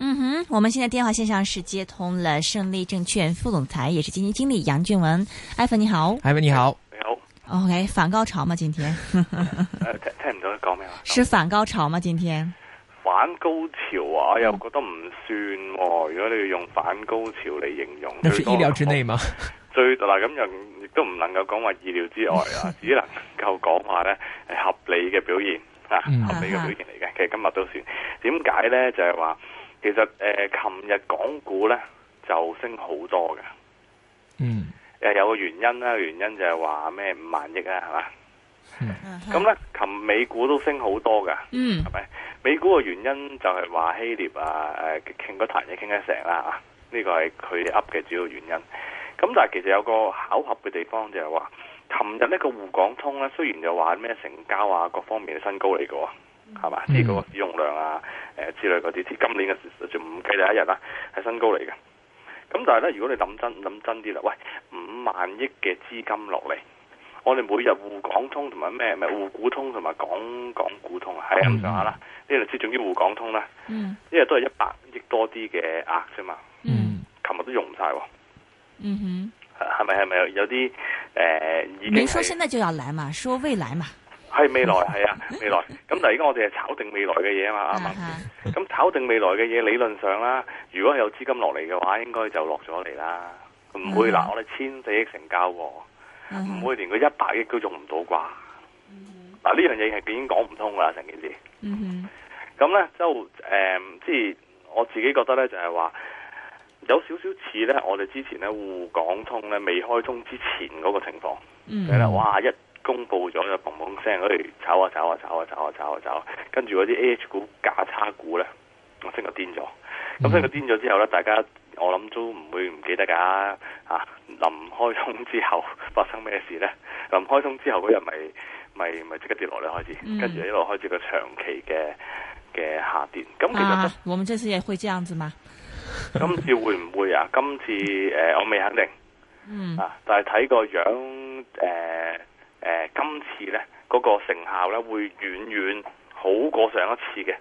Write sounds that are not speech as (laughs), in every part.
嗯哼，我們現在電話線上是接通了勝利證券副總裁，也是基金經理楊俊文。Ivan 你好，Ivan 你好，你好。OK，反高潮嗎？今天誒、 (laughs) 呃，聽唔到你講咩啊？ (laughs) 是反高潮嗎？今天反高潮啊，又覺得唔算、哦嗯。如果你要用反高潮嚟形容，那是意料之內嗎？ (laughs) 最嗱咁樣亦都唔能夠講話意料之外啊， (laughs) 只能夠講話咧係合理嘅表現、嗯、啊，合理嘅表現嚟嘅。其實今日都算，點解咧？就係、是、話。其實誒，琴、呃、日港股咧就升好多嘅，嗯，誒，有個原因啦，原因就係話咩五萬億啊，係嘛，咁、嗯、咧，琴美股都升好多噶，嗯，係咪？美股嘅原因就係希臘啊，誒，傾嗰壇嘢傾得成啦，啊，呢、啊啊這個係佢 up 嘅主要原因。咁但係其實有個巧合嘅地方就係話，琴日呢、這個滬港通咧，雖然就話咩成交啊，各方面嘅新高嚟嘅。係嘛？知嗰個使用量啊，誒之類嗰啲，今年嘅就唔計第一日啦，係新高嚟嘅。咁但係咧，如果你諗真諗真啲啦，喂，五萬億嘅資金落嚟，我哋每日滬港講講通同埋咩咩滬股通同埋港港股通係咁上下啦，呢啲先仲要滬港通啦，因為都係一百億多啲嘅額啫嘛。琴日都用唔晒喎。嗯哼，係咪係咪有啲誒？你、呃、沒說現在就要來嘛，說未來嘛。係未來係啊，未來。咁但係而家我哋係炒定未來嘅嘢啊嘛，咁 (laughs) 炒定未來嘅嘢理論上啦，如果有資金落嚟嘅話，應該就落咗嚟啦，唔會嗱我哋千四億成交喎，唔 (laughs) 會連佢一百億都用唔到啩？嗱、 (laughs) 啊 (laughs) 嗯、呢樣嘢係已經講唔通啦成件事，咁咧就誒，即、呃、係我自己覺得咧，就係、是、話有少少似咧，我哋之前咧滬港通咧未開通之前嗰個情況，係 (laughs) 啦、嗯，哇一！公布咗就嘭嘭聲，誒，炒啊炒啊炒啊炒啊炒啊炒啊炒啊，跟住嗰啲 A H 股價差股咧，我即刻癲咗。咁即係佢癲咗之後咧，大家我諗都唔會唔記得噶、啊。啊，臨開通之後發生咩事咧？臨開通之後嗰日咪咪咪即刻跌落嚟開始，跟、嗯、住一路開始個長期嘅嘅下跌。咁其實、啊，我們這次也會這樣子嗎？ (laughs) 今次會唔會啊？今次誒、呃，我未肯定。嗯。啊，但係睇個樣誒。呃呃、今次呢嗰，嗰個成效呢會遠遠好過上一次嘅，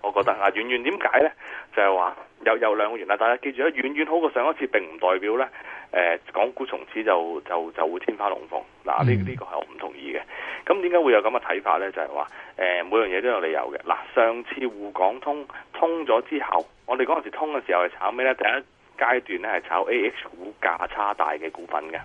我覺得啊遠遠點解呢？就係，係，話有有兩個原因，大家記住咧遠遠好過上一次並唔代表呢，誒，呃，港股從此就就就會天花龍鳳嗱呢呢個係、這個，我唔同意嘅。咁點解會有咁嘅睇法呢？就係話誒每樣嘢都有理由嘅嗱，呃。上次滬港通通咗之後，我哋嗰陣時通嘅時候係炒咩呢？第一階段呢係炒 A H 股價差大嘅股份嘅。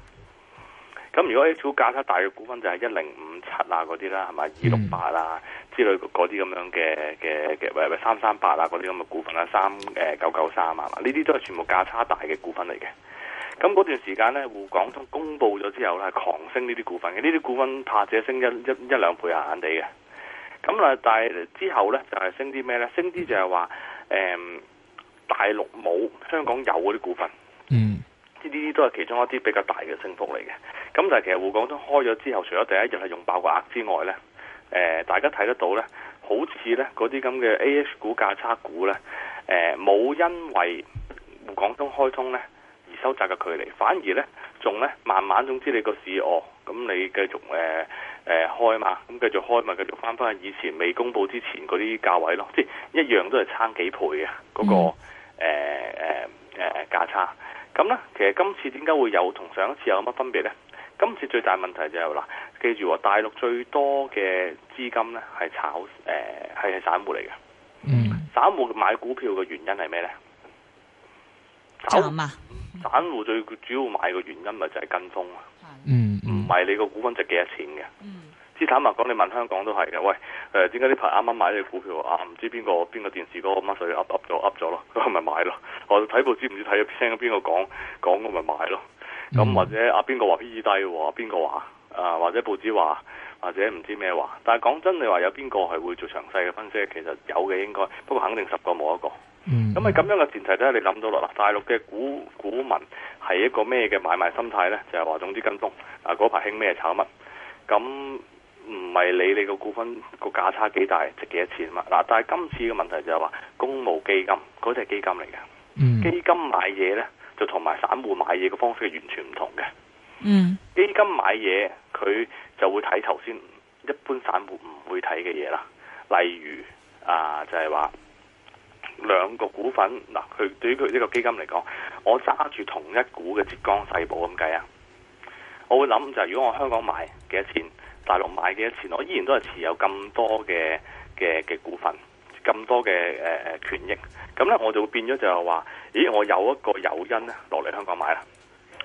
咁如果 H 股價差大嘅股份就係一零五七啊嗰啲啦，係咪？二六八啦之類嗰啲咁樣嘅嘅嘅，或者三三八啊嗰啲咁嘅股份啦，三誒九九三啊嘛，呢啲都係全部價差大嘅股份嚟嘅。咁嗰段時間呢，滬港通公布咗之後係狂升呢啲股份嘅，呢啲股份怕者升一一一,一兩倍閒閒地嘅。咁啊，但係之後呢，就係、是、升啲咩呢？升啲就係話、嗯、大陸冇香港有嗰啲股份。呢啲都係其中一啲比較大嘅升幅嚟嘅，咁但係其實滬港通開咗之後，除咗第一日係用爆個額之外呢，誒、呃、大家睇得到呢，好似呢嗰啲咁嘅 A H 股價差股呢，冇、呃、因為滬港通開通呢而收窄嘅距離，反而呢仲呢慢慢地知道，總之你個市哦，咁你繼續誒誒、呃呃呃、開嘛，咁繼續開嘛，繼續翻翻去以前未公布之前嗰啲價位咯，即係一樣都係差幾倍嘅嗰、那個誒誒誒價差。咁咧，其實今次點解會有同上一次有乜分別呢？今次最大問題就係、是、啦，記住喎，大陸最多嘅資金呢係炒，誒、呃、係散戶嚟嘅。嗯，散戶買股票嘅原因係咩呢？炒啊！嗯、散戶最主要買嘅原因咪就係跟風啊！嗯，唔係你個股份值幾多錢嘅。嗯坦白講，你問香港都係嘅。喂，誒點解呢排啱啱買啲股票啊？唔知邊個邊個電視嗰個乜水噏噏咗噏咗咯，咁咪買囉？我睇報紙唔知，睇咗聽咗邊個講講，我咪買囉。咁、嗯、或者啊邊個話 P E 低喎？邊個話啊？或者報紙話，或者唔知咩話。但係講真，你話有邊個係會做詳細嘅分析？其實有嘅應該，不過肯定十個冇一個。咁係咁樣嘅前提都係你諗到落啦。大陸嘅股股民係一個咩嘅買賣心態咧？就係、是、話總之跟風啊，嗰排興咩炒乜唔係你你個股份、個價差幾大，值幾多錢嘛？嗱、啊，但係今次嘅問題就係話，公募基金嗰隻基金嚟嘅，mm. 基金買嘢呢，就同埋散戶買嘢嘅方式係完全唔同嘅。Mm. 基金買嘢佢就會睇頭先一般散戶唔會睇嘅嘢啦，例如啊，就係話兩個股份嗱，佢、啊、對於佢呢個基金嚟講，我揸住同一股嘅浙江世寶咁計啊，我會諗就係、是、如果我在香港買幾多錢？大陸買幾多錢，我依然都係持有咁多嘅嘅嘅股份，咁多嘅誒誒權益，咁咧我就會變咗就係話，咦，我有一個誘因咧落嚟香港買啦。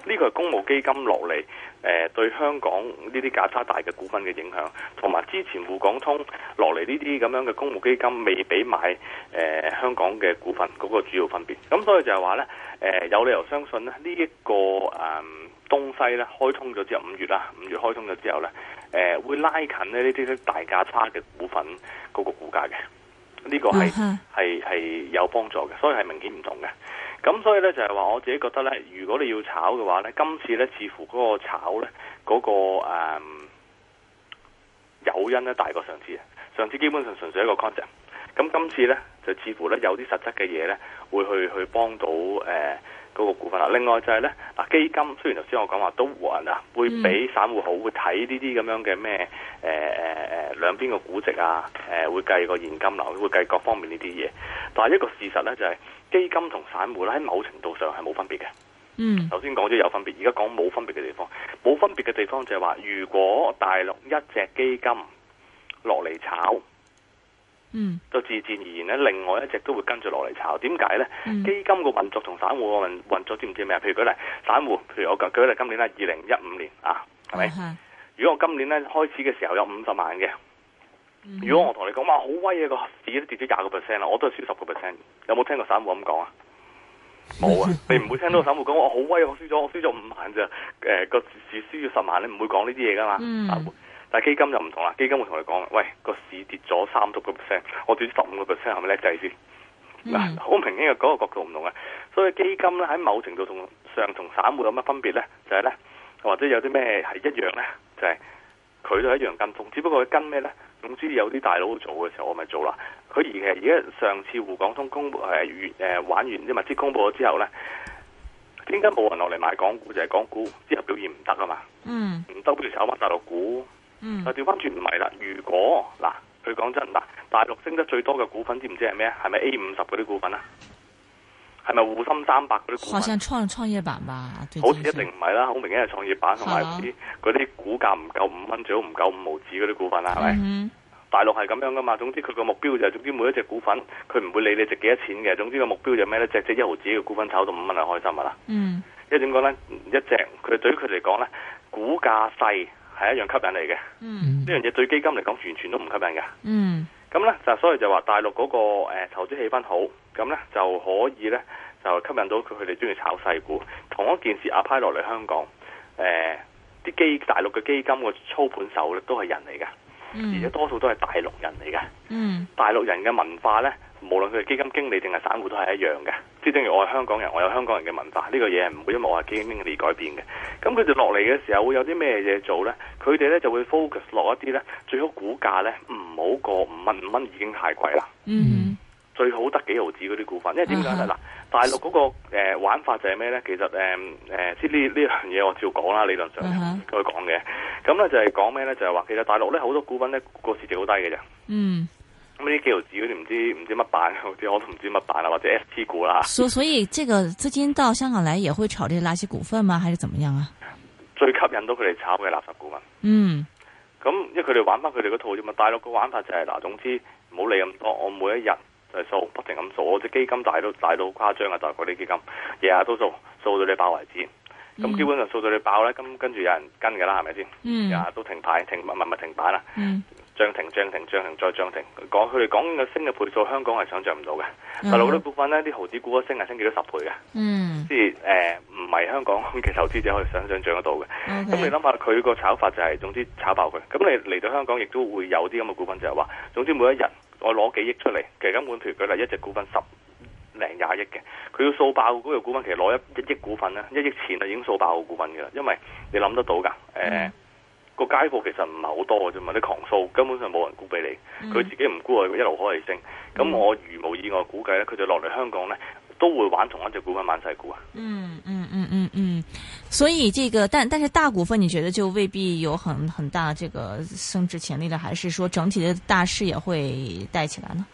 呢、這個係公募基金落嚟誒對香港呢啲價差大嘅股份嘅影響，同埋之前滬港通落嚟呢啲咁樣嘅公募基金未俾買誒、呃、香港嘅股份嗰個主要分別。咁所以就係話咧誒，有理由相信咧呢一、這個誒、嗯、東西咧開通咗之後，五月啦，五月開通咗之後咧。誒、呃、會拉近咧呢啲大價差嘅股份嗰個股價嘅，呢、這個係係係有幫助嘅，所以係明顯唔同嘅。咁所以咧就係話我自己覺得咧，如果你要炒嘅話咧，今次咧似乎嗰個炒咧嗰、那個誒、嗯、誘因咧大過上次啊，上次基本上純粹一個 concept，咁今次咧就似乎咧有啲實質嘅嘢咧會去去幫到誒。呃嗰、那個股份啊，另外就係咧，嗱基金雖然頭先我講話都還啊，會比散戶好，會睇呢啲咁樣嘅咩誒誒誒兩邊嘅估值啊，誒、呃、會計個現金流，會計各方面呢啲嘢。但係一個事實咧就係、是、基金同散戶咧喺某程度上係冇分別嘅。嗯，頭先講咗有分別，而家講冇分別嘅地方，冇分別嘅地方就係話，如果大陸一隻基金落嚟炒。嗯，就自自然然咧，另外一隻都會跟住落嚟炒，點解咧？基金個運作同散戶個運運作知唔知咩啊？譬如舉例，散戶，譬如我舉舉例，今年係二零一五年啊，係、啊、咪、啊？如果我今年咧開始嘅時候有五十萬嘅、嗯，如果我同你講哇好威啊個市都跌咗廿個 percent 啦，我都係輸十個 percent，有冇聽過散戶咁講啊？冇啊， (laughs) 你唔會聽到散戶講我好威、啊，我輸咗，我輸咗五萬啫，誒個市輸咗十萬，你唔會講呢啲嘢噶嘛？嗯啊但基金就唔同啦，基金會同你講，喂，個市跌咗三十個 percent，我跌十五個 percent 係咪叻仔先？嗱，好明顯嘅嗰個角度唔同嘅，所以基金咧喺某程度上同散戶有乜分別咧？就係、是、咧，或者有啲咩係一樣咧？就係、是、佢都一樣跟風，只不過佢跟咩咧？總之有啲大佬做嘅時候我，我咪做啦。佢而家上次滬港通公誒完玩完即物即公佈咗之後咧，點解冇人落嚟買港股？就係、是、港股之後表現唔得啊嘛，唔得，不如炒翻大陸股。嗯，但係調翻轉唔係啦，如果嗱佢講真嗱，大陸升得最多嘅股份知唔知係咩？係咪 A 五十嗰啲股份啊？係咪滬深三百嗰啲股份？好似創創業板吧，對，好似一定唔係啦，好明顯係創業板同埋嗰啲嗰啲股價唔夠五蚊，最好唔夠五毫子嗰啲股份啦，係咪？嗯。大陸係咁樣噶嘛，總之佢個目標就係，總之每一隻股份，佢唔會理你值幾多錢嘅，總之個目標就係咩咧？只只一毫子嘅股份炒到五蚊就開心啦。嗯，因為點講咧？一隻佢對於佢嚟講咧，股價細。係一樣吸引嚟嘅，呢、嗯、樣嘢對基金嚟講完全都唔吸引噶。咁、嗯、呢，就所以就話大陸嗰、那個誒投資氣氛好，咁呢就可以呢，就吸引到佢哋中意炒細股。同一件事 apply 落嚟香港，誒啲基大陸嘅基金個操盤手呢都係人嚟嘅、嗯，而且多數都係大陸人嚟嘅、嗯。大陸人嘅文化呢，無論佢係基金經理定係散戶都係一樣嘅，即係正如我係香港人，我有香港人嘅文化，呢、這個嘢係唔會因為我係基金經理改變嘅。咁佢哋落嚟嘅時候會有啲咩嘢做咧？佢哋咧就會 focus 落一啲咧，最好股價咧唔好過五蚊,蚊，五蚊已經太貴啦。嗯、mm -hmm.，最好得幾毫子嗰啲股份，因為點解咧？嗱、uh -huh.，大陸嗰個誒玩法就係咩咧？其實誒誒，即呢呢樣嘢我照講啦，理論上佢講嘅。咁、uh、咧 -huh. 就係講咩咧？就係、是、話其實大陸咧好多股份咧個市值好低嘅啫。嗯、uh -huh.。咁啲記錄紙嗰啲唔知唔知乜辦，好似我都唔知乜辦啦，或者 ST 股啦。所所以，這個資金到香港來也會炒啲垃圾股份嗎？還是怎麼樣啊？最吸引到佢哋炒嘅垃圾股份。嗯。咁因為佢哋玩翻佢哋嗰套啫嘛，大陸嘅玩法就係、是、嗱，總之唔好理咁多，我每一日就係掃，不停咁掃。我啲基金大都大到，到誇張啊，大陸嗰啲基金，日日都掃，掃到你爆為止。咁、嗯、基本上掃到你爆咧，咁跟住有人跟嘅啦，係咪先？日、嗯、日都停牌，停物物停板啦。嗯。漲停、漲停、漲停再漲停，講佢哋講嘅升嘅倍數，香港係想象唔到嘅。但係好多股份呢啲豪子股一升係升幾多十倍嘅，即係誒唔係香港嘅投資者可以想想象得到嘅。咁、okay. 你諗下，佢個炒法就係、是，總之炒爆佢。咁你嚟到香港，亦都會有啲咁嘅股份，就係、是、話，總之每一日我攞幾億出嚟，其實根本佢舉例一隻股份十零廿億嘅，佢要掃爆嗰隻股份，其實攞一一億股份咧，一億錢就已經掃爆個股份嘅啦，因為你諗得到噶，誒、mm -hmm. 呃。個街股其實唔係好多就啫嘛，狂掃根本上冇人估俾你，佢自己唔估佢一路可以升。咁、嗯、我如無意外估計咧，佢就落嚟香港咧都會玩同一隻股份買細股啊。嗯嗯嗯嗯嗯，所以這個但但是大股份你覺得就未必有很很大這個升值潛力的，還是說整體的大市也會帶起來呢？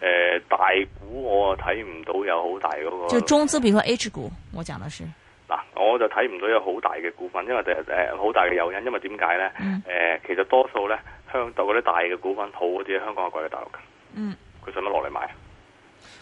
誒、呃，大股我睇唔到有好大嗰、那個，就中資，比如說 H 股，我講的是。啊、我就睇唔到有好大嘅股份，因為第日誒好大嘅誘因，因為點解咧？誒、嗯呃，其實多數咧，香度嗰啲大嘅股份，好啲香港係貴過大陸嘅。嗯，佢使乜落嚟買啊？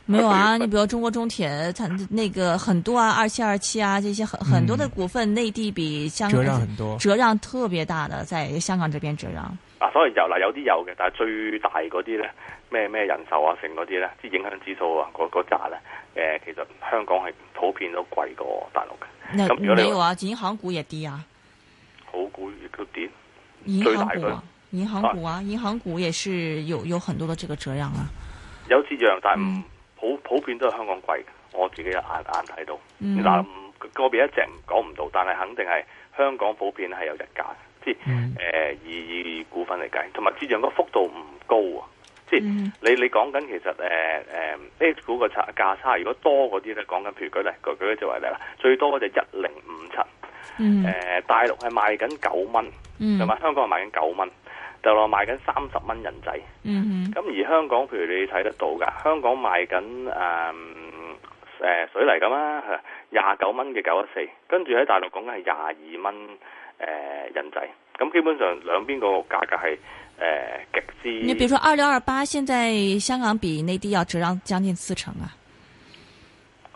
沒有啊，嗯、你比如說中國中鐵，它那個很多啊，二七二七啊，這些很很多嘅股份、嗯，內地比香港折讓很多，折讓特別大的，在香港這邊折讓。嗱、啊，所以有啦，有啲有嘅，但係最大嗰啲咧，咩咩人壽啊，剩嗰啲咧，即係影響指數啊，嗰嗰扎咧。誒、呃，其實香港係普遍都貴過大陸嘅。咁如果你話銀行股啲啊，好股亦都跌。銀行股、啊、銀行股，啊，銀行股啊，啊，銀行股也是有有很多的這個折讓啊。有折讓，但係、嗯、普普，普遍都係香港貴的。我自己眼眼睇到，嗱、嗯，個別一隻講唔到，但係肯定係香港普遍係有日價，即係誒以股份嚟計，同埋折讓個幅度唔高啊。即、mm -hmm. 你你講緊其實誒誒 A 股個價差，如果多嗰啲咧講緊，譬如舉例舉舉個例嚟啦，最多嗰隻一零五七，誒大陸係賣緊九蚊，同、mm、埋 -hmm. 香港賣緊九蚊，就落、是、賣緊三十蚊人仔，咁、mm -hmm. 而香港譬如你睇得到㗎，香港賣緊誒誒水泥㗎嘛，廿九蚊嘅九一四，跟住喺大陸講緊係廿二蚊誒人仔。咁基本上兩邊個價格係誒極之。你比如說二六二八，現在香港比內地要折讓將近四成啊！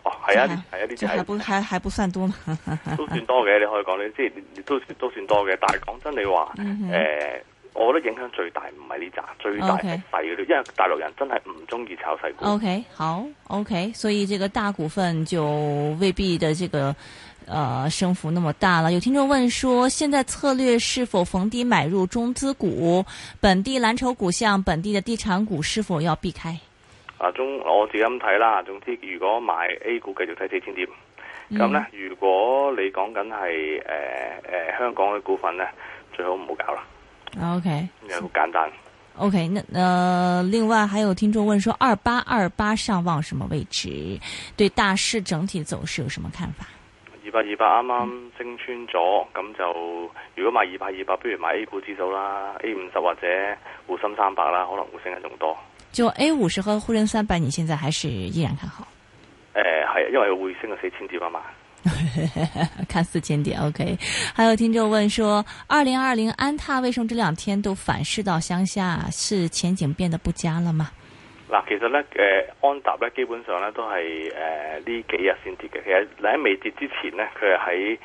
哦，係啊，係啊，呢只係。這還不還還不算多嘛 (laughs) ，都算多嘅，你可以講呢啲，都都算多嘅。但係講真，你話誒，我覺得影響最大唔係呢扎，最大係細嗰啲，okay. 因為大陸人真係唔中意炒細股。OK，好，OK，所以這個大股份就未必的這個。呃，升幅那麼大了。有聽眾問說，現在策略是否逢低買入中資股、本地藍籌股像？像本地的地產股，是否要避開？啊，中我自己咁睇啦。總之，如果買 A 股，繼續睇四千點。咁、嗯、呢，如果你講緊係誒誒香港嘅股份呢，最好唔好搞啦。OK，好簡單。OK，那呃，另外還有聽眾問說，二八二八上望什麼位置？對大市整體走勢有什麼看法？百二百啱啱升穿咗，咁、嗯、就如果賣二百二百，不如買 A 股指數啦，A 五十或者滬深三百啦，可能會升得仲多。就 A 五十和滬深三百，你現在還是依然看好？誒、呃，係因為會升到四千點啊嘛， (laughs) 看四千點。OK，還有聽眾問說，說二零二零安踏為什麼這兩天都反噬到向下？是前景變得不佳了嗎？嗱，其實咧，誒安踏咧，基本上咧都係誒呢幾日先跌嘅。其實你喺未跌之前咧，佢係喺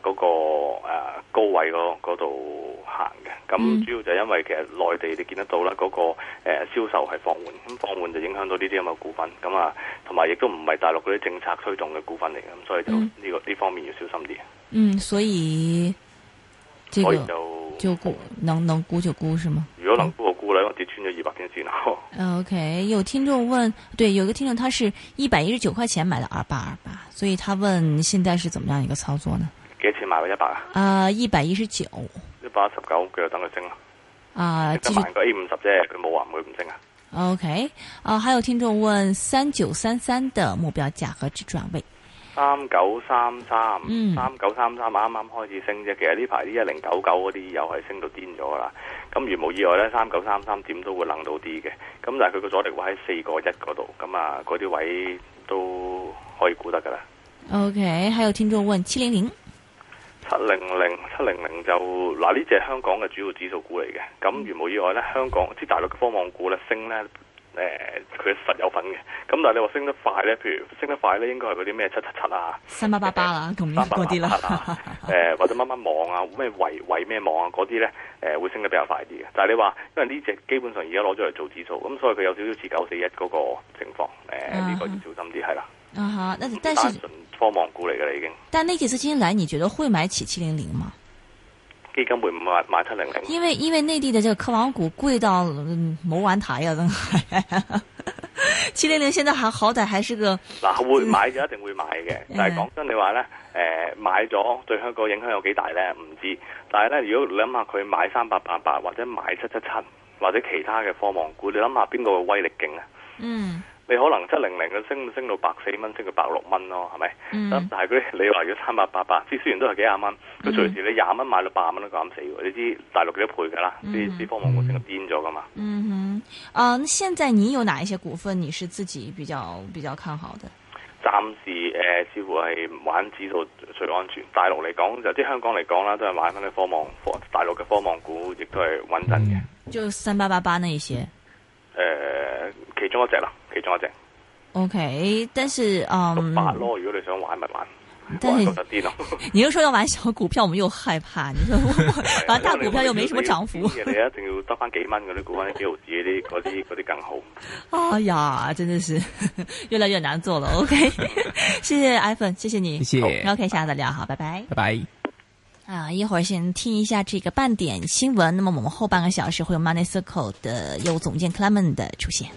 誒嗰個高位嗰度行嘅。咁主要就因為其實內地你見得到啦，嗰個誒銷售係放緩，咁放緩就影響到呢啲咁嘅股份。咁啊，同埋亦都唔係大陸嗰啲政策推動嘅股份嚟嘅，咁所以就呢個呢方面要小心啲。嗯，所以。這個就就能能沽就沽，是嗎？如果能沽就沽啦，我只穿咗二百點錢 OK 有聽眾問，對，有一個聽眾，他是一百一十九塊錢買的二八二八，所以他問現在是怎麼樣一個操作呢？幾錢買到一百啊？啊、uh,，一百一十九。一百一十九，佢又等佢升啊，繼續。個 A 五十啫，佢冇話唔會唔升啊。OK，啊，還有聽眾問三九三三的目標價和止轉位。三九三三，三九三三啱啱開始升啫、嗯。其實呢排啲一零九九嗰啲又係升到癲咗啦。咁如無意外呢，三九三三點都會冷到啲嘅。咁但係佢個阻力位喺四個一嗰度。咁啊，嗰啲位都可以估得噶啦。OK，喺有聽眾問七零零，七零零，七零零就嗱呢隻係香港嘅主要指數股嚟嘅。咁如無意外呢，香港即係大陸嘅科網股啦，升呢。誒、呃，佢實有份嘅。咁但係你話升得快咧，譬如升得快咧，應該係嗰啲咩七七七啊，三八八八啊？咁樣啲啦，誒或者乜乜網啊，咩維維咩網啊，嗰啲咧誒會升得比較快啲嘅。但係你話因為呢隻基本上而家攞咗嚟做指數，咁所以佢有少少似九四一嗰個情況。誒、呃，呢、uh -huh. 個要小心啲係啦。啊哈，uh -huh. 但是科網股嚟噶啦已經。但呢幾次資金來，你覺得會買起七零零嗎？基金會唔會買買七零零，因為因為內地的這個科網股貴到冇玩、嗯、台啊！真係七零零現在還好歹還是個嗱、啊、會買就一定會買嘅、嗯，但係講真你話咧，誒、呃、買咗對香港影響有幾大咧？唔知道，但係咧如果你諗下佢買三八八八或者買七七七或者其他嘅科網股，你諗下邊個嘅威力勁啊？嗯。你可能七零零嘅升升到百四蚊，升到百六蚊咯，係咪、嗯？但係佢，你話要三八八八，即雖然都係幾廿蚊。佢隨時你廿蚊買到八十蚊都咁死、嗯、你知道大陸幾多倍噶啦？啲、嗯、啲、嗯、科網股成日癲咗噶嘛？嗯哼、嗯嗯，啊，現在你有哪一些股份，你是自己比較比較看好的？暫時誒、呃，似乎係玩指數最安全。大陸嚟講，就啲、是、香港嚟講啦，都係買翻啲科網大陸嘅科網股亦都係穩陣嘅。就三八八八呢一些？誒、呃，其中一隻啦。其中一隻，OK，但是嗯，八咯，如果你想玩咪玩，但玩確實癲咯。 (laughs) 你又說要玩小股票，我們又害怕；你說 (laughs) 玩大股票又沒什麼漲幅。 (laughs) 你一定要得翻幾蚊嗰啲股，翻幾毫子嗰啲，嗰啲嗰啲更好。哎呀，真的是越來越難做了。 (laughs) OK， (laughs) 謝謝 iPhone，謝謝你，謝謝。OK，下次再聊好，拜拜，拜拜。啊，一會兒先聽一下這個半點新聞。那麼我們後半個小時會有 Money Circle 的業務總監 Clement 的出現。